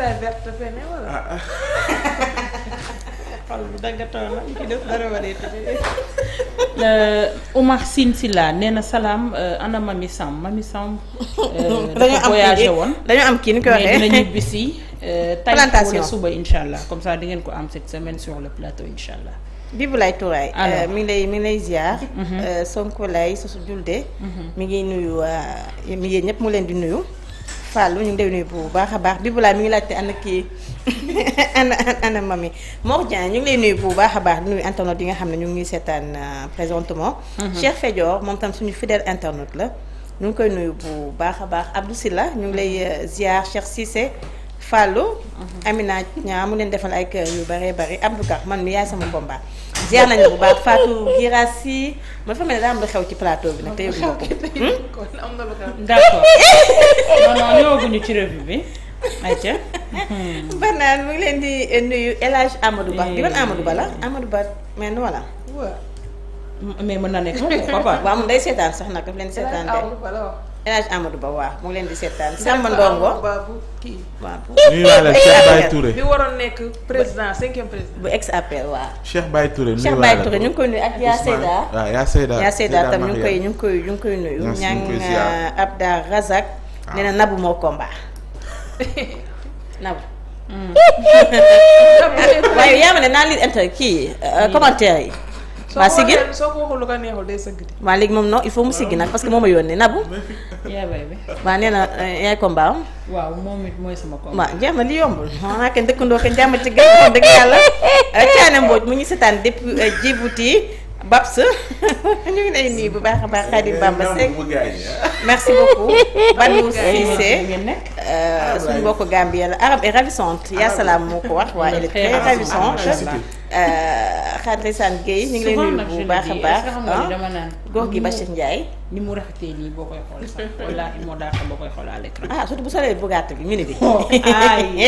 cuuraay verte fene wala. bu daggatoo na def dara wala Oumar Sine Sylla nee na salaam ana Mami Samb Mami Samb. dañoo am voyagé woon dañoo am kii ni koy waxee mais dina ñibbi si. plantation suba incha comme ça di ngeen ko am cette semaine sur le plateau incha allah. Biboulaye Touré. alors mi ngi mi ngi lay ziar. lay sosu julde. mi ngi nuyu mi ngi ñëpp mu leen di nuyu. Fall ñu ngi lay nuyu bu baax a baax Biboulaye mi ngi laajte na kii ana ana mami Mor Diagne ñu ngi lay nuyu bu baax a baax di nuyu internautes yi nga xam ne ñu ngi seetaan euh, présentement. Mhm. Cheikh Fédior moom tam suñu fidèle internaute la ñu ngi koy nuyu bu baax a baax Abdou Silla ñu ngi lay euh, ziar Cheikh Cissé. Fallou. Amina ñaa mu leen defal ay kër yu bare bare Abdou Kar man mi yaay sama bomba ziar nañu bu baax Fatou Girassi man fa mel ne daa am lu ci plateau bi nag te hmm? am na lu xew d'accord non ci bi ayca. Hmm. Banaan mu ngi leen di eh, Ba di ban eh. Amadou Ba la Amadou Ba mel ni wala. mais mën na nekk papa. waaw moom day seetaan sax nag daf leen seetaan de. El Hadj Amadou Ba waaw mu leen di seetaan Samba Ndongo bi waroon nekk président cinquième président. bu ex appel waaw. Cheikh Baye Touré nuyu naa leen ñu ngi koy nuyu ak. Yaa Seyda waaw ah, Yaa tam ñu ngi koy ñu ngi koy nuyu. ñang euh, Abda Razak. waaw ah. Nabu moo combat Nabu. waaye yaa ne naa lire inter kii euh, commentaire yi. waa sigil soo ko waxul lu ko neexul day sëgg di waa léegi moom non il faut mu siggi nag parce que moo ma yónnee Nabou. yaay waa nee eh, yaay combat am. waaw moom mooy sama combat. a li yombul maanaam kenn dëkkandoo kenn jàmm ci gàllankoor dëgg yàlla eh, Thiané Mbodj mu ngi seetaan depuis eh, Djibouti Babs ñu ngi lay bu baax a baax Khadim Bamba Seck ah. merci beaucoup Badou Cissé suñu mbokku Gambie la arabe est ravissante yaa salaam moo ko wax waa elle est très ravissante Khadre Sane Gueye ñu ngi lay nuyu bu baax a baax ah. dama naan góor gi Bachir ni mu rafetee nii boo koy xool sax wallaahi moo daa xam boo koy xool à l'écran ah surtout bu solee bu gàtt bi mini bi oh,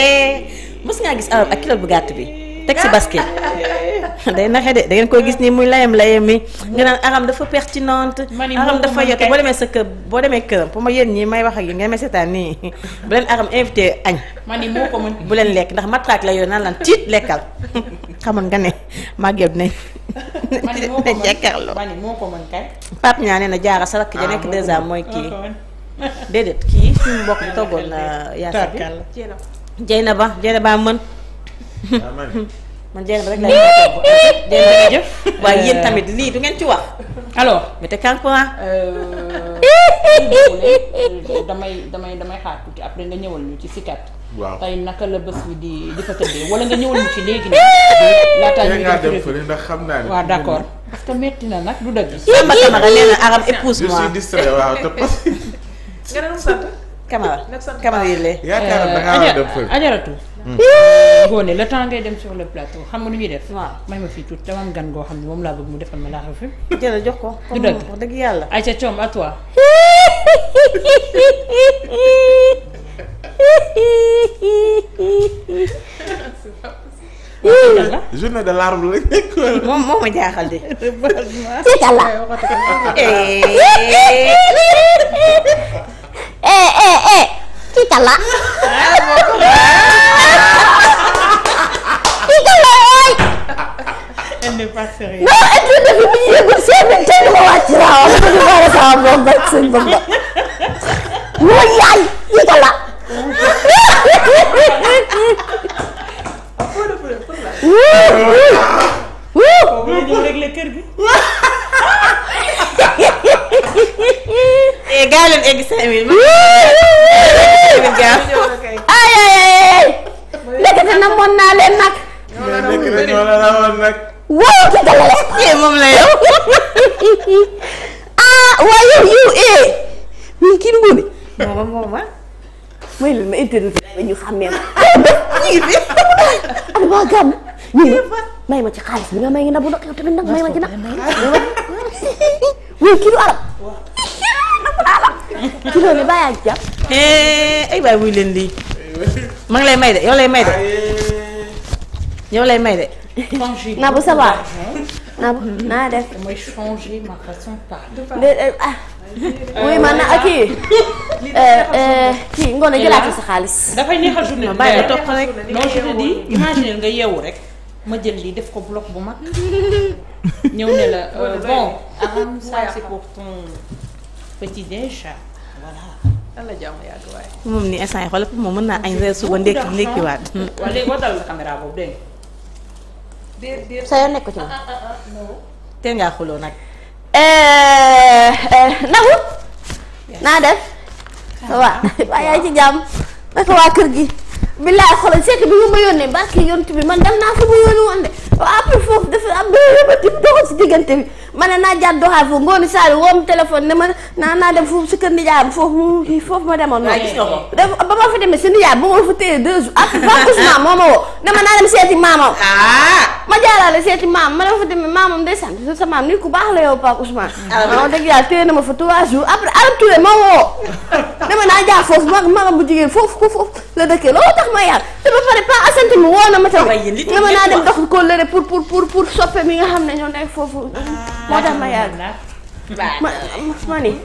mës ngaa gis arab ak kilal bu gàtt bi teg si basket day naxe de da ngeen koy gis nii muy layam layam mi nga naan aram dafa pertinente aram dafa yote boo demee sa kër boo demee këram pour ma yéen ñi may wax ak yi ngay may seetaan nii bu leen aram invité añ bu leen lekk ndax matraque la yoon naan lan tiit lekkal xamoon nga ne mag yow dinañ dinañ jàkkaarloo Pape ñaa nee na jaara sa rakk ja ah, nekk dèjà mooy kii déedéet kii suñu mbokk euh, bi toggoon na yaasa bi Jeynaba Jeynaba mën man jéem rek laay jëf waaye yéen tamit lii du ngeen ci wax alors mettez kankuran. damay damay damay xaar tuuti après nga ñëwal ñu ci sikkat waaw tey la bés bi di di fa tëddee wala nga ñëwal ñu ci léegi nii. laataa ñuy dem xam naa ne. d' accord parce que metti na na aram épouse moi je suis distrait waaw te parce euh, a ajaratu. ngoone le temps ngay dem sur le plateau xam nu ñuy def. waaw may ma fii tuuti dama am gan goo xam ne moom laa bëgg mu defal ma laa xam fi. jël jox ko. du dëgg journée de larme la nekk. moom moo ma jaaxal de. yàlla. elle n'est pas sérieuse. non et puis daf ñu yëngu seen i tey dafa wàcc raawam dafa ñu war a sama bopp rek la. mooy yaay yëgal la. gaa na mën naa leen nag. waaw te dala la. eh moom yow. yow yow eh. ñun kii dugub bi. moom moom ah. mooy li ma interview ba ñu xàmmee ma. ñu ngi fi. am waa gàmm. ñu ngi may ma ci xaalis bi nga may ngi na bu ndox yow tamit nag may ma ci nag. mooy kii du arab. kilo bi bàyyi ak jàpp. ay waay wuy leen lii. ma lay may de yow lay may de. yow lay may de. changer Nabou ça va Nabou naa ma façon de ah. oui man na ak kii. ngoon na jëlaat sa xaalis. dafay bàyyi la topp rek. non nga yeewu rek ma jël lii def ko bloc bu mag. ñëw ne la bon. am ça c'est pour ton petit moom ni instant yi xoolal moom mën naa añ reer suba ndékki ndékkiwaat. wala sa yoon nekk ci ma ah, ah, ah, tey ngaa xuloo eh, eh, eh, naa def waa waa yaay ci jàmm naka waa kër gi a xoolal seet bi nga ma yónnee barke yont bi man naa am yóbbati doxal si diggante jaar doxaat foofu ngooni saali woo ma ne ma naa naa dem foofu si kër nijaayam foofu mu foofu ma demoon noonu def ba ma fa demee si nijaay ba ma fa téye deux jours après ba kusma moo woo ne ma naa dem seeti maamam ma jaaraale seeti maam ma ne ma fa demee maamam day sant sa maam nit ku baax la yow Pape Ousmane. waaw dëgg yàlla téye na ma fa trois après Arab Touré ma woo. dama naa jaar foofu ma magam la dëkkee loolu tax ma yàgg te ba pare Pa Assane mi woo na naa dem dox kóllëre pour pour pour pour soppe mi nga xam ne ñoo nekk foofu. moo tax ma yàgg. Ah, ma ma ma ni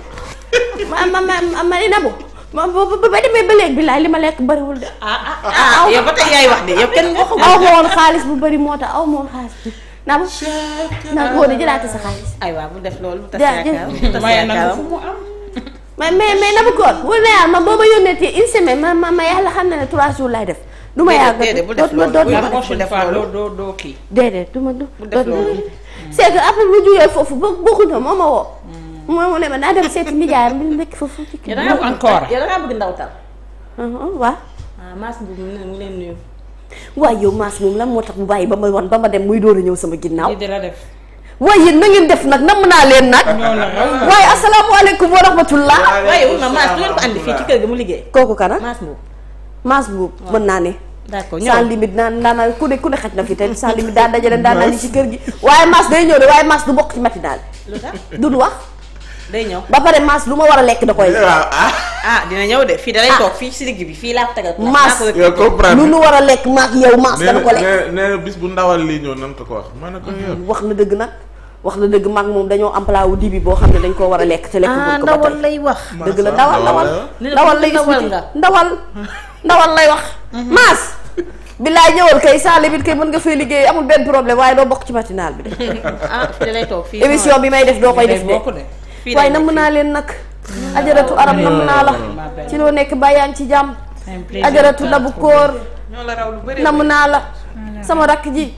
ma ma ma ma ni ma ba ba demee ba léegi bilaay li ma lekk bëriwul de. ah ah ah yow wax de yow kenn waxu. aw woon xaalis bu bëri moo tax aw ma woon xaalis bi. naa ko naa ko sa xaalis. aywa bu def loolu. jaajëf maye na fu mu am. mais mais na yàlla ah, man boo ma yónnee ci ma ma ma yàlla xam na ne trois jours lay def. du ma yàgg dootu ma dootu ma dootu ma doo doo kii. déedéet du ma dootu après bu jugee foofu ba bokkuñu ma ma woo. moom mu ne ma naa dem seeti nijaayam bi mu nekk foofu. yow da ngaa encore yow da ngaa bëgg ndawtal. Uh-huh, ah, mu ngi leen nuyu. waaye yow lan moo tax mu bàyyi ba ma wan ba dem muy door a ñëw sama ginnaaw. lii def. waaye na ngeen def nag namm naa leen nag. waaye asalaamaaleykum wa rahmatullah. waaye wul ma Mass du ngeen ko andi fii ci kër ga mu liggéey. Ah? mën naa ne. d'accord sans limite naan naan ku ku ne na fi te sans limite daan dajale daan nañu ci kër gi. waaye Mass day ñëw de waaye Mass du bokk ci matinal. lu tax wax. day ñëw ba pare maas lu ma war a lekk da koy. Ah, ah. ah dina ñëw de fii da toog fii si digg bi fii laa ko tegal. maas lu nu war a lekk maak yow maas dana ko lekk. nee na bis bu ndawal wax. na dëgg nag. wax na dëgg mag moom dañoo am wu dibi boo xam ne dañ koo war a lekk te lekk ko ba ah, ndawal lay wax dëgg la ndawal ndawal ndawal lay ndawal ndawal lay wax maas billaay ñëwal kay sans limite kay mën nga fay liggéey amul benn problème waaye doo bokk ci matinal bi de ah fi bi may def doo koy def de waaye namm naa leen nag ajaratu aram namm naa la ci loo nekk bàyyaan ci jàmm ajaratu dabu koor namm naa la sama rakk ji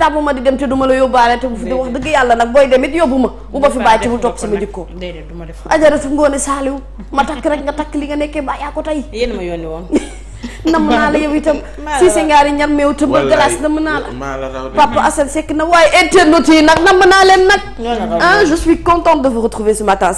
tàmmu ma di dem te duma la yóbbaale te bu fi di wax dëgg yàlla nag booy demit yóbbu ma bu ma fi bàyyi ci bu topp sama jikkoo ajaratu ngoone saaliw ma takk rek nga takk li nga nekkee bàyyaa ko tey ma yónni woon nam naa la yow itam la Papa Assane Seck na waaye internautes yi nag nam naa nag ah, je suis contente de vous retrouver ce matin